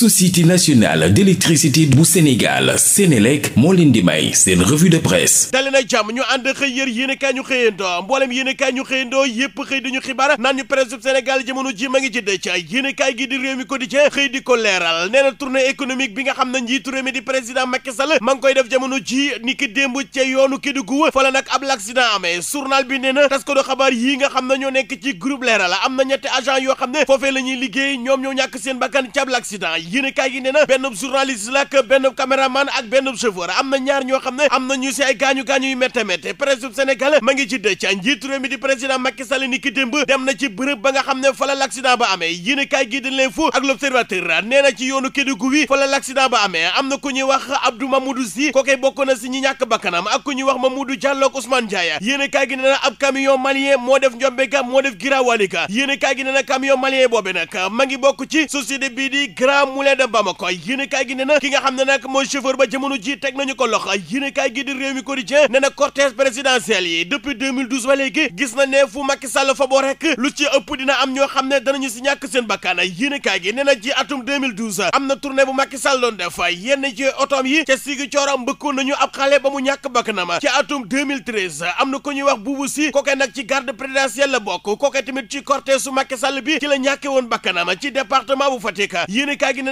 société nationale d'électricité bu Sénégal Sénélec moo leen di may seen revue de presse dali na jàmm ñu ànd xëy yër yéen kaay ñu xëyandoo mboolem yéen kaay ñu xëyandoo yépp xëy dañu xibaar naan ñu presse Sénégal jamono ji ma ngi ci dëcc yéen gi di réew mi quotidien xëy di ko leeral nee na tournée économique bi nga xam na njiitu réew mi di président Macky ma ngi koy def jamono ji ni ki démb ca yoonu Kédougou fa la nag ab l'accident amee bi nee na tas ko xabaar yi nga xam ne ñoo nekk ci groupe leeral am na ñetti agent yoo xam ne foofee la ñuy liggéey ñoom ñoo ñàkk seen bakkan ci ab l'accident yéene kaay gi nee na benn journaliste la ak benn caméraman ak benn chauffeur am na ñaar ñoo xam ne am na ñu si ay gaañu-gaañu yu métte métte presse bu Sénégal ma ngi ci dëcc njiitu réew mi di président Macky Sall ni dem na ci bërëb ba nga xam ne fa la l'accident ba amee yéene kaay gi di fu ak l'observateur nee na ci yoonu Kédougou wi fa la l'accident ba amee am na ku ñuy wax Abdou Mamadou Sy kookee bokk na si ñi ñàkk bakkanam ak ku ñuy wax Mamadou Diallo ak Ousmane Diaye yéene moo def njombeka moo def girawalika yéene kaay gi na camion malien bii di Moulin de Bamako yéenekaay gi ne na ki nga xam ne nag mooy chauffeur ba jamono ji teg nañu ko loxo yéenekaay gi di réew mi quotidien ne na cortège présidentiel yi depuis ba léegi gis na ne fu Macky Sall fa boo rek lu ci ëpp dina am ñoo xam ne danañu si ñàkk seen bakkaan yéenekaay gi ne na ji atum 2012 am na tournée bu Macky Sall doon def yenn ci otoom yi ca sigi cooram mbëkkoon nañu ab xale ba mu ñàkk bakkanam ci atum am na ko ñuy wax buubu si kooke nag ci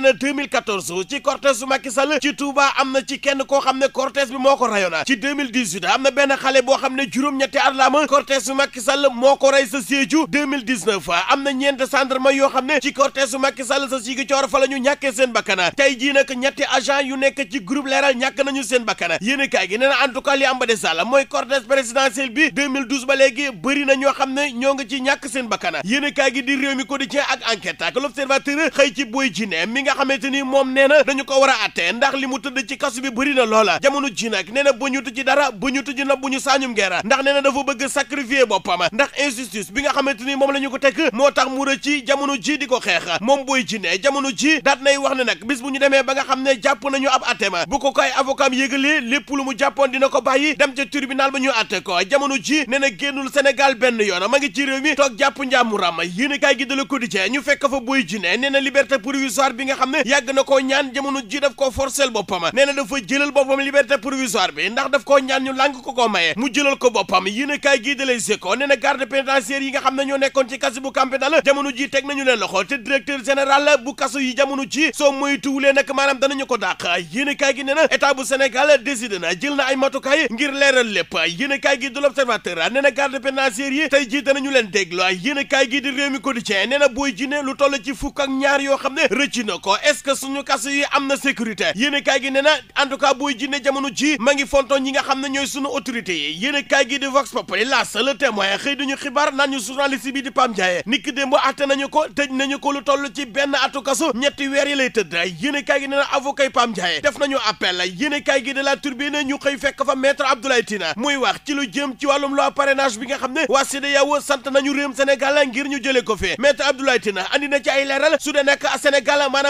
génn na 2014 ci cortège su Macky Sall ci Touba am na ci kenn koo xam ne cortège bi moo ko rayoon ci 2018 am na benn xale boo xam ne juróom-ñetti at la am cortège su Macky Sall moo ko rey sa Sédhiou 2019 am na ñeent gendarme yoo xam ne ci cortège su Macky Sall sa Ziguinchor fa la ñu ñàkkee seen bakkana tey jii nag ñetti agent yu nekk ci groupe Leral ñàkk nañu seen bakkana yéen i kaay gi nee na en tout cas li am ba des daal mooy cortège présidentiel bi ba léegi bëri na ñoo xam ne ñoo ngi ci ñàkk seen bakkana yéen i kaay gi di réew mi quotidien ak enquête ak l'observateur xëy ci boy ji nga xamante ni moom nee na dañu ko war a atte ndax li mu tëdd ci kasu bi bëri na loola jamono ji nag nee na bu ñu tëj dara bu ñu tëj na bu ñu saañum ngeera ndax nee na dafa bëgg sacrifier boppam ndax injustice bi nga xamante ni moom la ñu ko teg moo tax mu rëcc jamono ji di ko xeex moom booy jinne jamono ji daat nay wax ne nag bis bu ñu demee ba nga xam ne jàpp nañu ab atte ma bu ko koy avocat yégalee lépp lu mu jàppoon dina ko bàyyi dem ca tribunal ba ñu atte ko jamono ji nee na génnul Sénégal benn yoon ma ngi ci réew mi toog jàpp njàmmuram yéen a kaay gi de Le Quotidien ñu fekk fa booy jinne nee na liberté provisoire bi nga xam ne yàgg na ko ñaan jamono ji daf koo forcel boppam nee na dafa jëlal boppam liberté provisoire bi ndax daf koo ñaan ñu lànk ko koo maye mu jëlal ko boppam yéen a kaay gii de Les Échos nee na garde pénitentiaire yi nga xam ne ñoo nekkoon ci kaso bu Camp Pénal jamono ji teg nañu leen loxo te directeur général bu kaso yi jamono ji soo moytuwulee nag maanaam danañu ko dàq yéen a gi nee na état bu Sénégal décidé na jël na ay matukaay ngir leeral lépp yéen a kaay gi de L'Observateur nee na garde pénitentiaire yi tey ji danañu leen déglu yéen a kaay gi di Rewmi Quotidien nee na Boy Djiné lu toll ci fukk ak ñaar yoo xam ne rëcc na laal ko est-ce suñu kaso yi am na sécurité yéen kaay gi nee na en tout cas Boy Djiné jamono ji ma ngi fonton ñi nga xam ne ñooy suñu autorité yi yéen kaay gi di Vox Populi la seul témoin xëy dañu xibaar naan ñu journaliste bi di Pam Ndiaye niki démb àtte nañu ko tëj nañu ko lu toll ci benn atu kaso ñetti weer yi lay tëdd yéen kaay gi nee def nañu appel yéen kaay gi de la Tribune ñu xëy fekk fa maître Abdoulaye Tina muy wax ci lu jëm ci wàllum loi parrainage bi nga xam ne waa CEDEAO sant nañu ñu jëlee ko fi maître Abdoulaye Tina andi na ci ay leeral su dee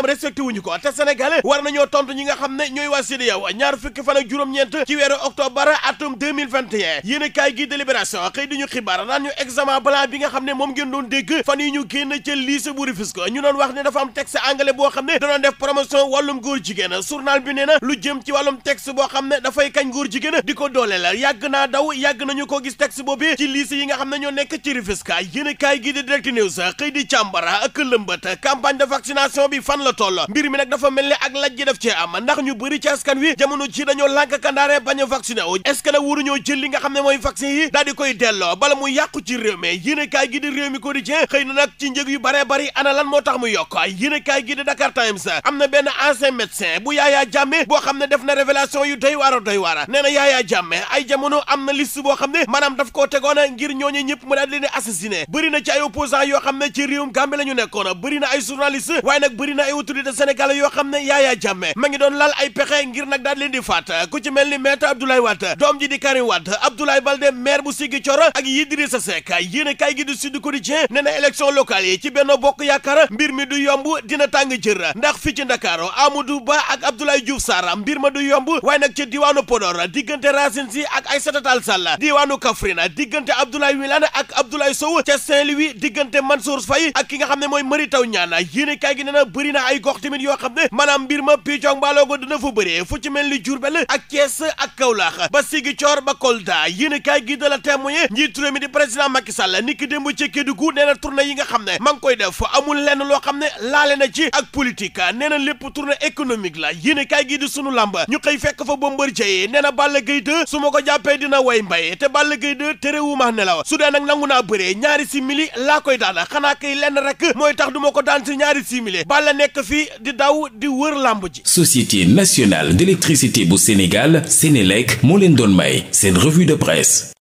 maanaam respecté wuñu ko te sénégalais war nañoo tontu ñi nga xam ne ñooy waa CEDEAO ñaar fukki fan ak juróom-ñeent ci weeru octobre atum 2021 yéen a kaay gi délibération xëy di ñu xibaar naan ñu examen blanc bi nga xam ne moom ngeen doon dégg fan yi ñu génn ca lycée bu Rufisque ñu doon wax ne dafa am texte anglais boo xam ne danoon def promotion wàllum góor jigéen journal bi nee na lu jëm ci wàllum texte boo xam ne dafay kañ góor jigéen di ko doole la yàgg naa daw yàgg nañu ko gis texte boobu ci lycée yi nga xam ne ñoo nekk ci Rufisque a kaay gi di direct news xëy di càmbara bi fan la mbir mi nag dafa mel ni ak laj def cee am ndax ñu bëri ci askan wi jamono ci dañoo lànk kandaare bañ a vacciné wu est ce que jël li nga xam ne mooy vaccin yi daal koy delloo bala mu yàqu ci réew mi yéen kaay gi di réew mi quotidien xëy na nag ci njëg yu baree bari ana lan moo tax mu yokk yéen kaay gi di Dakar Times am na benn ancien médecin bu yaayaa jàmme boo xam ne def na révélation yu doy waar doy waar nee na yaayaa jàmme ay jamono na liste boo xam ne maanaam daf koo tegoon ngir ñooñu ñëpp mu daal di leen ne ci réewum Gambie la ñu autorité sénégalais yoo xam ne Yaya Jammeh ma ngi doon lal ay pexe ngir nag daal leen di faat ku ci mel ni maître Abdoulaye Wade doom ji di Karim Wade Abdoulaye Baldé maire bu Ziguinchor ak Idrissa Seck yéen a kaay gi di Sud Quotidien nee na élection locale yi ci Benno Bokk Yaakaar mbir mi du yomb dina tàng jër ndax fii ci Ndakaaru Amadou Ba ak Abdoulaye Diouf Sarr mbir ma du yomb waaye nag ci diwaanu Podor diggante Racine Sy ak Aïssata Tall Sall diwaanu Kaffrine diggante Abdoulaye Wilane ak Abdoulaye Sow ca Saint-Louis diggante Mansour Faye ak ki nga xam ne mooy Mary Teuw Niane yéen gi nee na bëri na ay gox tamit yoo xam ne maanaam mbir ma piccong mbaaloogo na fa bëree fu ci mel ni Diourbel ak Thiès ak Kaolack ba Ziguinchor ba Kolda yéen a kaay gi de la témoigné njiitu mi di président Macky Sall ni ki démb ci Kédougou nee na tournée yi nga xam ne ma ngi koy def amul lenn loo xam ne laale na ci ak politique nee na lépp tournée économique la yéen a kaay gi di sunu làmb ñu xëy fekk fa Bombardier nee na Balla Gaye 2 su ma ko jàppee dina way mbay te Balla Gaye 2 terewuma nelaw su dee nag nangu naa bëree ñaari simili laa koy daan xanaa kay lenn rek mooy tax du ko daan si ñaari simili Balla nekk nekk fii di daw di wër làmb ji société nationale d'électricité bu Sénégal Sénélec moo leen doon may seen revue de presse